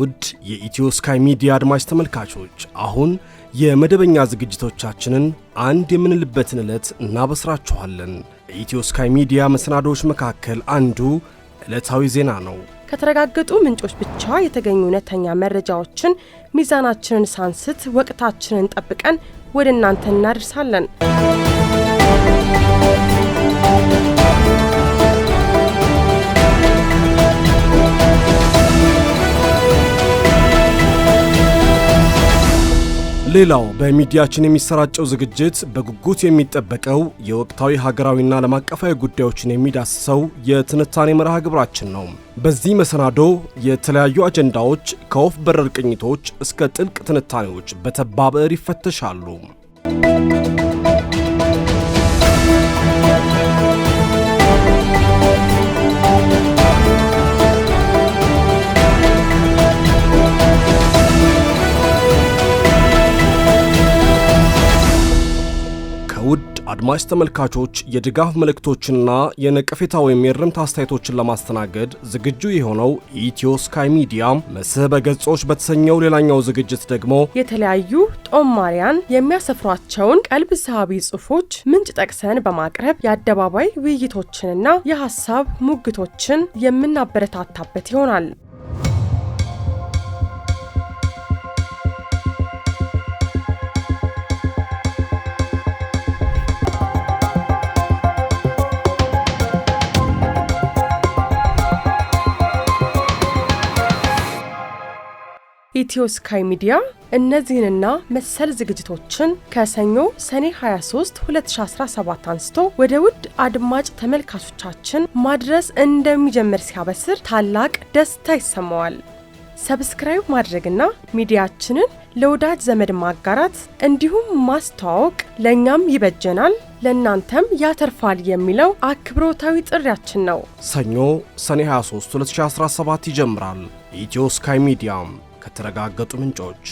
ውድ የኢትዮ ስካይ ሚዲያ አድማጭ ተመልካቾች አሁን የመደበኛ ዝግጅቶቻችንን አንድ የምንልበትን ዕለት እናበስራችኋለን። በኢትዮ ስካይ ሚዲያ መሰናዶዎች መካከል አንዱ ዕለታዊ ዜና ነው። ከተረጋገጡ ምንጮች ብቻ የተገኙ እውነተኛ መረጃዎችን ሚዛናችንን ሳንስት ወቅታችንን ጠብቀን ወደ እናንተ እናደርሳለን። ሌላው በሚዲያችን የሚሰራጨው ዝግጅት በጉጉት የሚጠበቀው የወቅታዊ ሀገራዊና ዓለም አቀፋዊ ጉዳዮችን የሚዳስሰው የትንታኔ መርሃ ግብራችን ነው። በዚህ መሰናዶ የተለያዩ አጀንዳዎች ከወፍ በረር ቅኝቶች እስከ ጥልቅ ትንታኔዎች በተባበር ይፈተሻሉ። አድማጭ ተመልካቾች የድጋፍ መልእክቶችንና የነቀፌታ ወይም የርምት አስተያየቶችን ለማስተናገድ ዝግጁ የሆነው ኢትዮ ስካይ ሚዲያ መስህበ ገጾች በተሰኘው ሌላኛው ዝግጅት ደግሞ የተለያዩ ጦማሪያን የሚያሰፍሯቸውን ቀልብ ሳቢ ጽሁፎች ምንጭ ጠቅሰን በማቅረብ የአደባባይ ውይይቶችንና የሀሳብ ሙግቶችን የምናበረታታበት ይሆናል። ኢትዮ ስካይ ሚዲያ እነዚህንና መሰል ዝግጅቶችን ከሰኞ ሰኔ 23 2017 አንስቶ ወደ ውድ አድማጭ ተመልካቾቻችን ማድረስ እንደሚጀምር ሲያበስር ታላቅ ደስታ ይሰማዋል። ሰብስክራይብ ማድረግና ሚዲያችንን ለወዳጅ ዘመድ ማጋራት እንዲሁም ማስተዋወቅ ለእኛም ይበጀናል፣ ለእናንተም ያተርፋል የሚለው አክብሮታዊ ጥሪያችን ነው። ሰኞ ሰኔ 23 2017 ይጀምራል። ኢትዮ ስካይ ሚዲያም ከተረጋገጡ ምንጮች